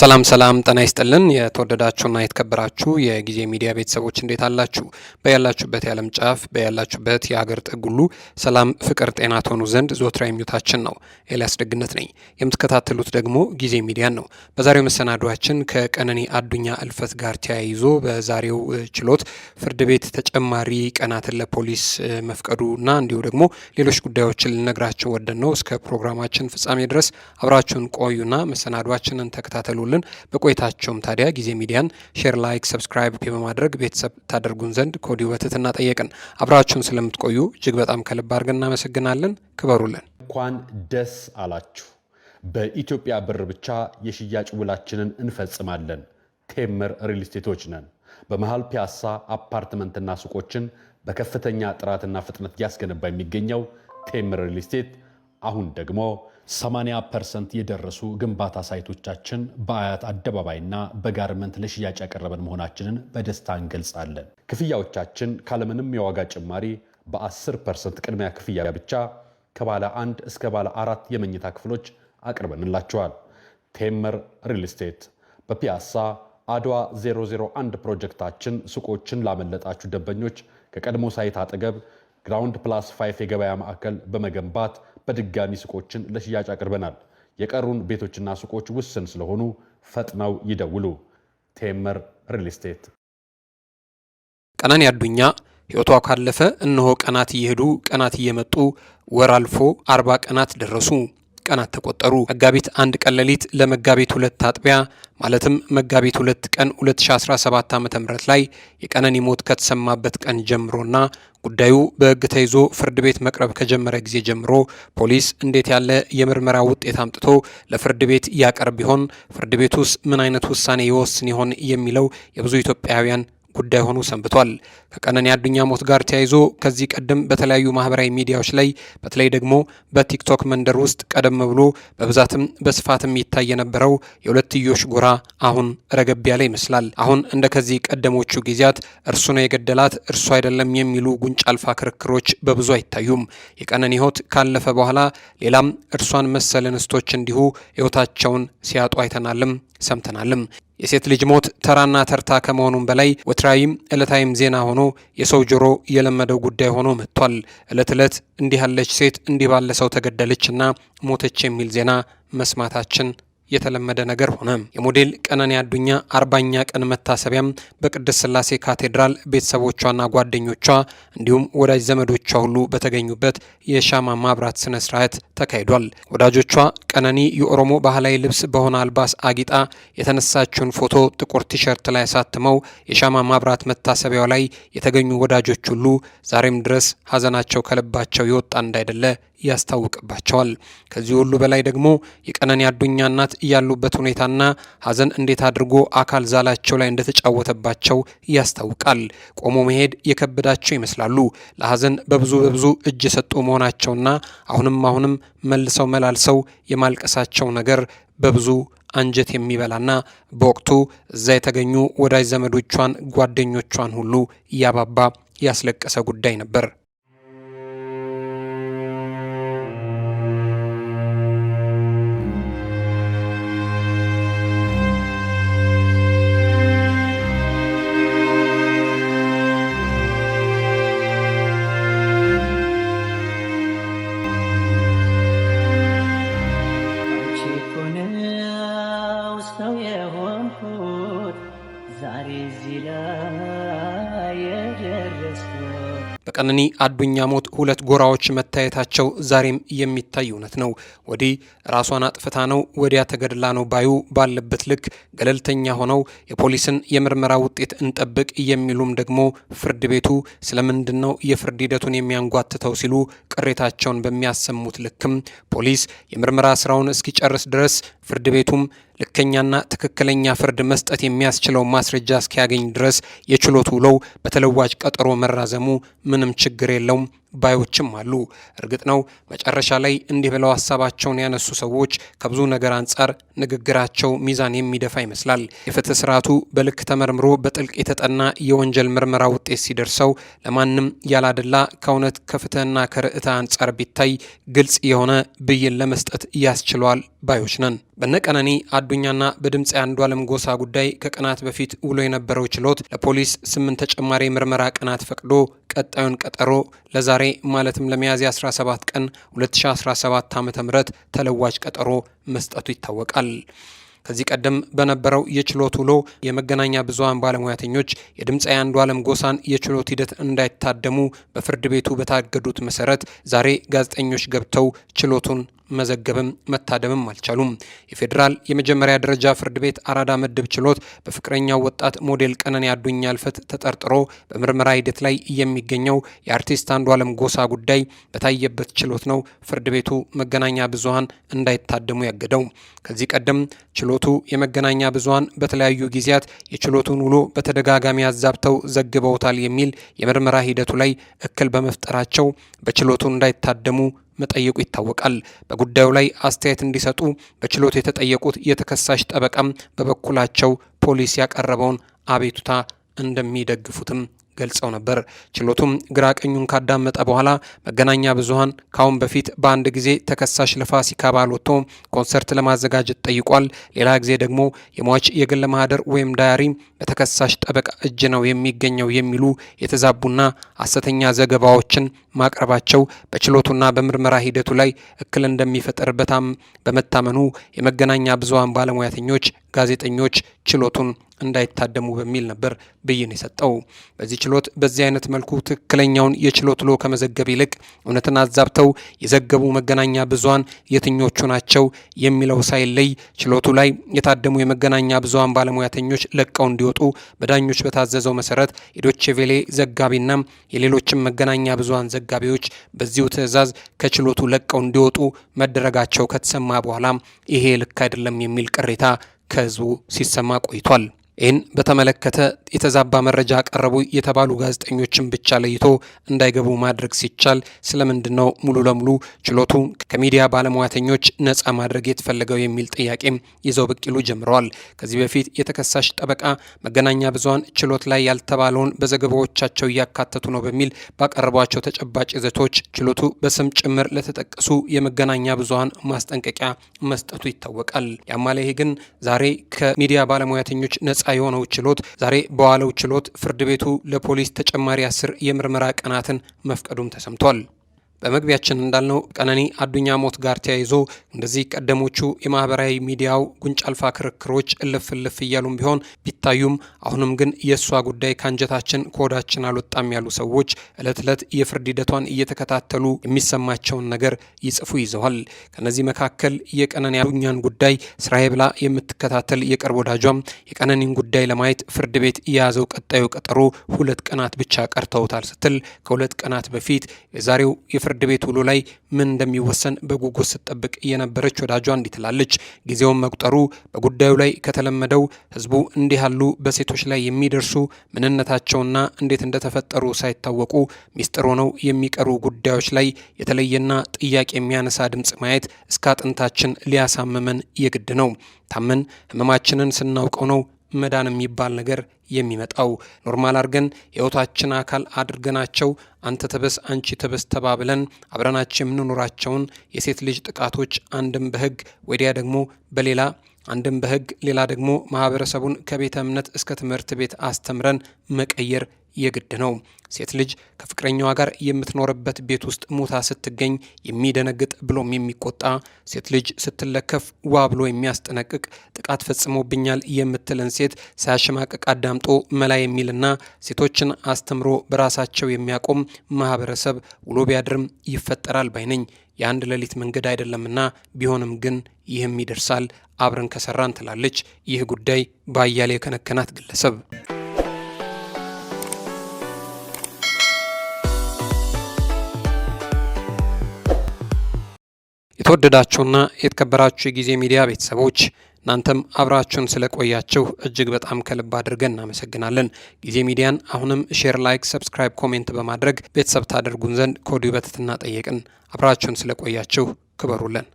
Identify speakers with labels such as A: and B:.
A: ሰላም ሰላም ጤና ይስጥልን የተወደዳችሁና የተከበራችሁ የጊዜ ሚዲያ ቤተሰቦች እንዴት አላችሁ? በያላችሁበት የዓለም ጫፍ በያላችሁበት የሀገር ጥግ ሁሉ ሰላም፣ ፍቅር፣ ጤና ትሆኑ ዘንድ ዞትራ የሚወታችን ነው። ኤልያስ ደግነት ነኝ። የምትከታተሉት ደግሞ ጊዜ ሚዲያን ነው። በዛሬው መሰናዷችን ከቀነኒ አዱኛ እልፈት ጋር ተያይዞ በዛሬው ችሎት ፍርድ ቤት ተጨማሪ ቀናትን ለፖሊስ መፍቀዱና እንዲሁ ደግሞ ሌሎች ጉዳዮችን ልነግራችሁ ወደን ነው። እስከ ፕሮግራማችን ፍጻሜ ድረስ አብራችሁን ቆዩና መሰናዷችንን ተከታተሉ እንድትሆኑልን በቆይታቸውም ታዲያ ጊዜ ሚዲያን ሼር፣ ላይክ፣ ሰብስክራይብ በማድረግ ቤተሰብ ታደርጉን ዘንድ ከወዲሁ በትህትና ጠየቅን። አብራችሁን ስለምትቆዩ እጅግ በጣም ከልብ አድርገን እናመሰግናለን። ክበሩልን።
B: እንኳን ደስ አላችሁ። በኢትዮጵያ ብር ብቻ የሽያጭ ውላችንን እንፈጽማለን። ቴምር ሪል ስቴቶች ነን። በመሃል ፒያሳ አፓርትመንትና ሱቆችን በከፍተኛ ጥራትና ፍጥነት እያስገነባ የሚገኘው ቴምር ሪል ስቴት አሁን ደግሞ 80 ፐርሰንት የደረሱ ግንባታ ሳይቶቻችን በአያት አደባባይና በጋርመንት ለሽያጭ ያቀረበን መሆናችንን በደስታ እንገልጻለን። ክፍያዎቻችን ካለምንም የዋጋ ጭማሪ በ10 ፐርሰንት ቅድሚያ ክፍያ ብቻ ከባለ አንድ እስከ ባለ አራት የመኝታ ክፍሎች አቅርበንላቸዋል። ቴምር ሪል ስቴት በፒያሳ አድዋ 001 ፕሮጀክታችን ሱቆችን ላመለጣችሁ ደንበኞች ከቀድሞ ሳይት አጠገብ ግራውንድ ፕላስ ፋይፍ የገበያ ማዕከል በመገንባት በድጋሚ ሱቆችን ለሽያጭ አቅርበናል። የቀሩን ቤቶችና ሱቆች ውስን ስለሆኑ ፈጥነው ይደውሉ። ቴመር ሪል ስቴት።
C: ቀነኒ አዱኛ ሕይወቷ ካለፈ እነሆ ቀናት እየሄዱ ቀናት እየመጡ ወር አልፎ አርባ ቀናት ደረሱ። ቀናት ተቆጠሩ። መጋቢት አንድ ቀን ሌሊት ለመጋቢት ሁለት አጥቢያ ማለትም መጋቢት ሁለት ቀን 2017 ዓ.ም ላይ የቀነኒ ሞት ከተሰማበት ቀን ጀምሮና ጉዳዩ በሕግ ተይዞ ፍርድ ቤት መቅረብ ከጀመረ ጊዜ ጀምሮ ፖሊስ እንዴት ያለ የምርመራ ውጤት አምጥቶ ለፍርድ ቤት ያቀርብ ይሆን? ፍርድ ቤቱስ ምን አይነት ውሳኔ ይወስን ይሆን? የሚለው የብዙ ኢትዮጵያውያን ጉዳይ ሆኖ ሰንብቷል። ከቀነኒ አዱኛ ሞት ጋር ተያይዞ ከዚህ ቀደም በተለያዩ ማህበራዊ ሚዲያዎች ላይ በተለይ ደግሞ በቲክቶክ መንደር ውስጥ ቀደም ብሎ በብዛትም በስፋትም ይታይ የነበረው የሁለትዮሽ ጎራ አሁን ረገብ ያለ ይመስላል። አሁን እንደ ከዚህ ቀደሞቹ ጊዜያት እርሱ ነው የገደላት እርሱ አይደለም የሚሉ ጉንጭ አልፋ ክርክሮች በብዙ አይታዩም። የቀነኒ ህይወት ካለፈ በኋላ ሌላም እርሷን መሰል እንስቶች እንዲሁ ህይወታቸውን ሲያጡ አይተናልም ሰምተናልም። የሴት ልጅ ሞት ተራና ተርታ ከመሆኑም በላይ ወትራዊም ዕለታዊም ዜና ሆኖ የሰው ጆሮ የለመደው ጉዳይ ሆኖ መጥቷል። ዕለት ዕለት እንዲህ ያለች ሴት እንዲህ ባለ ሰው ተገደለችና ሞተች የሚል ዜና መስማታችን የተለመደ ነገር ሆነ። የሞዴል ቀነኒ አዱኛ አርባኛ ቀን መታሰቢያም በቅድስት ስላሴ ካቴድራል ቤተሰቦቿና ጓደኞቿ እንዲሁም ወዳጅ ዘመዶቿ ሁሉ በተገኙበት የሻማ ማብራት ስነ ስርዓት ተካሂዷል። ወዳጆቿ ቀነኒ የኦሮሞ ባህላዊ ልብስ በሆነ አልባስ አጊጣ የተነሳችውን ፎቶ ጥቁር ቲሸርት ላይ አሳትመው የሻማ ማብራት መታሰቢያው ላይ የተገኙ ወዳጆች ሁሉ ዛሬም ድረስ ሀዘናቸው ከልባቸው የወጣ እንዳይደለ ያስታውቅባቸዋል። ከዚህ ሁሉ በላይ ደግሞ የቀነኒ አዱኛ እናት ያሉበት ሁኔታና ሀዘን እንዴት አድርጎ አካል ዛላቸው ላይ እንደተጫወተባቸው ያስታውቃል። ቆሞ መሄድ የከበዳቸው ይመስላሉ። ለሀዘን በብዙ በብዙ እጅ የሰጡ መሆናቸውና አሁንም አሁንም መልሰው መላልሰው የማልቀሳቸው ነገር በብዙ አንጀት የሚበላና በወቅቱ እዛ የተገኙ ወዳጅ ዘመዶቿን ጓደኞቿን ሁሉ እያባባ ያስለቀሰ ጉዳይ ነበር። እዚህ ላይ የደረስኩት በቀነኒ አዱኛ ሞት ሁለት ጎራዎች መታየታቸው ዛሬም የሚታይ እውነት ነው። ወዲህ ራሷን አጥፍታ ነው፣ ወዲያ ተገድላ ነው ባዩ ባለበት ልክ ገለልተኛ ሆነው የፖሊስን የምርመራ ውጤት እንጠብቅ የሚሉም ደግሞ ፍርድ ቤቱ ስለምንድን ነው የፍርድ ሂደቱን የሚያንጓትተው ሲሉ ቅሬታቸውን በሚያሰሙት ልክም ፖሊስ የምርመራ ስራውን እስኪጨርስ ድረስ ፍርድ ቤቱም ልከኛና ትክክለኛ ፍርድ መስጠት የሚያስችለው ማስረጃ እስኪያገኝ ድረስ የችሎት ውለው በተለዋጭ ቀጠሮ መራዘሙ ምንም ችግር የለውም ባዮችም አሉ። እርግጥ ነው መጨረሻ ላይ እንዲህ ብለው ሀሳባቸውን ያነሱ ሰዎች ከብዙ ነገር አንጻር ንግግራቸው ሚዛን የሚደፋ ይመስላል። የፍትህ ስርዓቱ በልክ ተመርምሮ በጥልቅ የተጠና የወንጀል ምርመራ ውጤት ሲደርሰው ለማንም ያላደላ ከእውነት ከፍትህና ከርዕታ አንጻር ቢታይ ግልጽ የሆነ ብይን ለመስጠት ያስችለዋል ባዮች ነን። በነቀነኒ አዱኛና አንዱ አለም ጎሳ ጉዳይ ከቀናት በፊት ውሎ የነበረው ችሎት ለፖሊስ ስምንት ተጨማሪ ምርመራ ቀናት ፈቅዶ ቀጣዩን ቀጠሮ ለዛሬ ዛሬ ማለትም ለሚያዝያ 17 ቀን 2017 ዓ ም ተለዋጭ ቀጠሮ መስጠቱ ይታወቃል። ከዚህ ቀደም በነበረው የችሎት ውሎ የመገናኛ ብዙሃን ባለሙያተኞች የአንዱ ዓለም ጎሳን የችሎት ሂደት እንዳይታደሙ በፍርድ ቤቱ በታገዱት መሰረት ዛሬ ጋዜጠኞች ገብተው ችሎቱን መዘገብም መታደምም አልቻሉም። የፌዴራል የመጀመሪያ ደረጃ ፍርድ ቤት አራዳ ምድብ ችሎት በፍቅረኛው ወጣት ሞዴል ቀነኒ አዱኛ ሕልፈት ተጠርጥሮ በምርመራ ሂደት ላይ የሚገኘው የአርቲስት አንዱዓለም ጎሳ ጉዳይ በታየበት ችሎት ነው ፍርድ ቤቱ መገናኛ ብዙሃን እንዳይታደሙ ያገደው። ከዚህ ቀደም ችሎቱ የመገናኛ ብዙሃን በተለያዩ ጊዜያት የችሎቱን ውሎ በተደጋጋሚ አዛብተው ዘግበውታል የሚል የምርመራ ሂደቱ ላይ እክል በመፍጠራቸው በችሎቱ እንዳይታደሙ መጠየቁ ይታወቃል። በጉዳዩ ላይ አስተያየት እንዲሰጡ በችሎት የተጠየቁት የተከሳሽ ጠበቃም በበኩላቸው ፖሊስ ያቀረበውን አቤቱታ እንደሚደግፉትም ገልጸው ነበር። ችሎቱም ግራ ቀኙን ካዳመጠ በኋላ መገናኛ ብዙሃን ካሁን በፊት በአንድ ጊዜ ተከሳሽ ለፋሲካ በዓል ወጥቶ ኮንሰርት ለማዘጋጀት ጠይቋል፣ ሌላ ጊዜ ደግሞ የሟች የግል ማህደር ወይም ዳያሪ በተከሳሽ ጠበቃ እጅ ነው የሚገኘው የሚሉ የተዛቡና ሐሰተኛ ዘገባዎችን ማቅረባቸው በችሎቱና በምርመራ ሂደቱ ላይ እክል እንደሚፈጠር በመታመኑ የመገናኛ ብዙሃን ባለሙያተኞች፣ ጋዜጠኞች ችሎቱን እንዳይታደሙ በሚል ነበር ብይን የሰጠው። በዚህ ችሎት በዚህ አይነት መልኩ ትክክለኛውን የችሎት ውሎ ከመዘገብ ይልቅ እውነትን አዛብተው የዘገቡ መገናኛ ብዙሃን የትኞቹ ናቸው የሚለው ሳይለይ ችሎቱ ላይ የታደሙ የመገናኛ ብዙን ባለሙያተኞች ለቀው እንዲወጡ በዳኞች በታዘዘው መሰረት የዶቼ ቬሌ ዘጋቢና የሌሎችም መገናኛ ብዙሃን ዘጋቢዎች በዚሁ ትዕዛዝ ከችሎቱ ለቀው እንዲወጡ መደረጋቸው ከተሰማ በኋላ ይሄ ልክ አይደለም የሚል ቅሬታ ከህዝቡ ሲሰማ ቆይቷል። ይህን በተመለከተ የተዛባ መረጃ አቀረቡ የተባሉ ጋዜጠኞችን ብቻ ለይቶ እንዳይገቡ ማድረግ ሲቻል ስለምንድን ነው ሙሉ ለሙሉ ችሎቱ ከሚዲያ ባለሙያተኞች ነፃ ማድረግ የተፈለገው የሚል ጥያቄም ይዘው ብቅ ይሉ ጀምረዋል። ከዚህ በፊት የተከሳሽ ጠበቃ መገናኛ ብዙሃን ችሎት ላይ ያልተባለውን በዘገባዎቻቸው እያካተቱ ነው በሚል ባቀረቧቸው ተጨባጭ ይዘቶች ችሎቱ በስም ጭምር ለተጠቀሱ የመገናኛ ብዙሃን ማስጠንቀቂያ መስጠቱ ይታወቃል። ያማሌ ግን ዛሬ ከሚዲያ ባለሙያተኞች ነ ነጻ የሆነው ችሎት ዛሬ በዋለው ችሎት ፍርድ ቤቱ ለፖሊስ ተጨማሪ አስር የምርመራ ቀናትን መፍቀዱም ተሰምቷል። በመግቢያችን እንዳልነው ቀነኒ አዱኛ ሞት ጋር ተያይዞ እንደዚህ ቀደሞቹ የማህበራዊ ሚዲያው ጉንጭ አልፋ ክርክሮች እልፍ እልፍ እያሉም ቢሆን ቢታዩም አሁንም ግን የእሷ ጉዳይ ከአንጀታችን ከወዳችን አልወጣም ያሉ ሰዎች እለት እለት የፍርድ ሂደቷን እየተከታተሉ የሚሰማቸውን ነገር ይጽፉ ይዘዋል። ከነዚህ መካከል የቀነኒ አዱኛን ጉዳይ ስራዬ ብላ የምትከታተል የቅርብ ወዳጇም የቀነኒን ጉዳይ ለማየት ፍርድ ቤት የያዘው ቀጣዩ ቀጠሮ ሁለት ቀናት ብቻ ቀርተውታል ስትል ከሁለት ቀናት በፊት የዛሬው በፍርድ ቤት ውሎ ላይ ምን እንደሚወሰን በጉጉት ስትጠብቅ የነበረች ወዳጇ እንዲህ ትላለች። ጊዜውን መቁጠሩ በጉዳዩ ላይ ከተለመደው ህዝቡ እንዲህ ያሉ በሴቶች ላይ የሚደርሱ ምንነታቸውና እንዴት እንደተፈጠሩ ሳይታወቁ ሚስጥር ሆነው የሚቀሩ ጉዳዮች ላይ የተለየና ጥያቄ የሚያነሳ ድምፅ ማየት እስከ አጥንታችን ሊያሳምመን የግድ ነው። ታመን ህመማችንን ስናውቀው ነው መዳን የሚባል ነገር የሚመጣው ኖርማል አድርገን የህይወታችን አካል አድርገናቸው አንተ ተበስ አንቺ ተበስ ተባብለን አብረናቸው የምንኖራቸውን የሴት ልጅ ጥቃቶች አንድም በህግ ወዲያ ደግሞ በሌላ አንድም በህግ ሌላ ደግሞ ማህበረሰቡን ከቤተ እምነት እስከ ትምህርት ቤት አስተምረን መቀየር የግድ ነው። ሴት ልጅ ከፍቅረኛዋ ጋር የምትኖርበት ቤት ውስጥ ሙታ ስትገኝ የሚደነግጥ ብሎም የሚቆጣ ሴት ልጅ ስትለከፍ ዋ ብሎ የሚያስጠነቅቅ ጥቃት ፈጽሞብኛል የምትልን ሴት ሳያሸማቅቅ አዳምጦ መላ የሚልና ሴቶችን አስተምሮ በራሳቸው የሚያቆም ማህበረሰብ ውሎ ቢያድርም ይፈጠራል ባይነኝ። የአንድ ሌሊት መንገድ አይደለምና ቢሆንም ግን ይህም ይደርሳል አብረን ከሰራን ትላለች። ይህ ጉዳይ ባያሌ የከነከናት ግለሰብ
A: የተወደዳችሁና የተከበራችሁ የጊዜ ሚዲያ ቤተሰቦች እናንተም አብራችሁን ስለቆያችሁ እጅግ በጣም ከልብ አድርገን እናመሰግናለን። ጊዜ ሚዲያን አሁንም ሼር፣ ላይክ፣ ሰብስክራይብ፣ ኮሜንት በማድረግ ቤተሰብ ታደርጉን ዘንድ ከወዲሁ በትህትና ጠየቅን። አብራችሁን ስለቆያችሁ ክበሩልን።